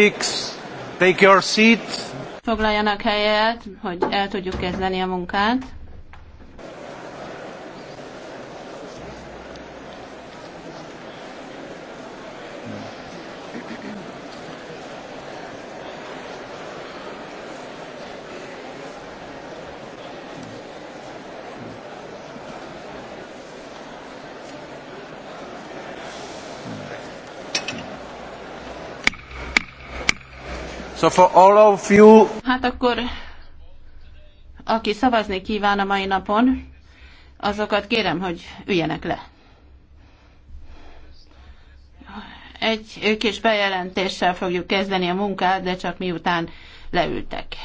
X, take your seat. Foglaljanak helyet, hogy el tudjuk kezdeni a munkát. So for all of you... Hát akkor, aki szavazni kíván a mai napon, azokat kérem, hogy üljenek le. Egy kis bejelentéssel fogjuk kezdeni a munkát, de csak miután leültek.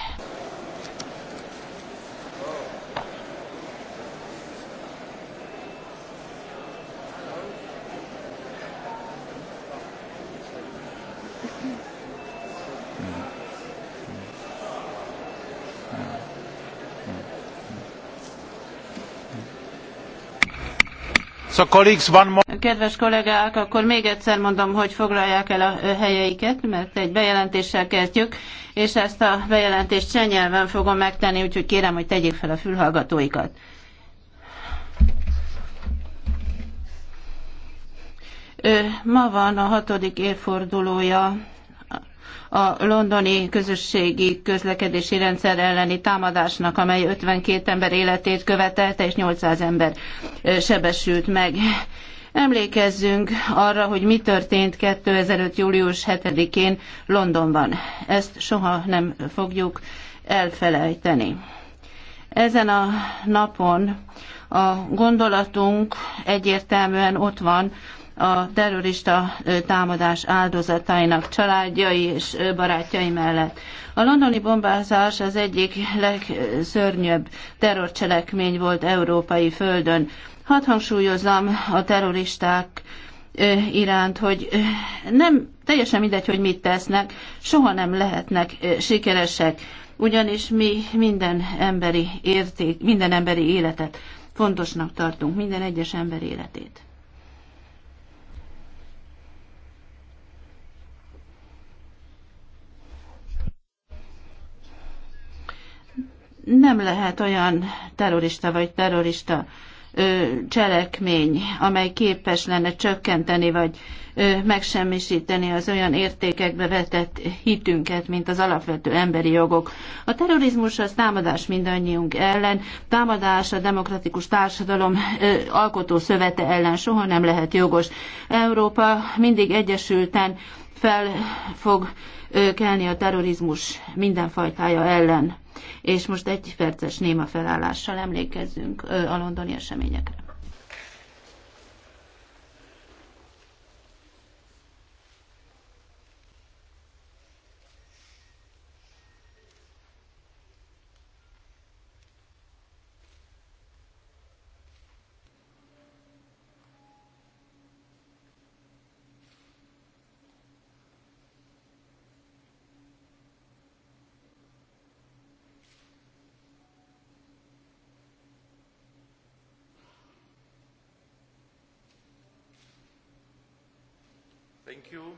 Kedves kollégák, akkor még egyszer mondom, hogy foglalják el a helyeiket, mert egy bejelentéssel kezdjük, és ezt a bejelentést csenyelven fogom megtenni, úgyhogy kérem, hogy tegyék fel a fülhallgatóikat. Ma van a hatodik évfordulója a londoni közösségi közlekedési rendszer elleni támadásnak, amely 52 ember életét követelte, és 800 ember sebesült meg. Emlékezzünk arra, hogy mi történt 2005. július 7-én Londonban. Ezt soha nem fogjuk elfelejteni. Ezen a napon a gondolatunk egyértelműen ott van a terrorista támadás áldozatainak családjai és barátjai mellett. A londoni bombázás az egyik legszörnyebb terrorcselekmény volt európai földön. Hadd hangsúlyozzam a terroristák iránt, hogy nem teljesen mindegy, hogy mit tesznek, soha nem lehetnek sikeresek, ugyanis mi minden emberi érték, minden emberi életet fontosnak tartunk, minden egyes ember életét. nem lehet olyan terrorista vagy terrorista ö, cselekmény, amely képes lenne csökkenteni vagy ö, megsemmisíteni az olyan értékekbe vetett hitünket, mint az alapvető emberi jogok. A terrorizmus az támadás mindannyiunk ellen, támadás a demokratikus társadalom ö, alkotó szövete ellen soha nem lehet jogos. Európa mindig egyesülten fel fog kelni a terrorizmus minden ellen. És most egy perces néma felállással emlékezzünk a londoni eseményekre. Thank you.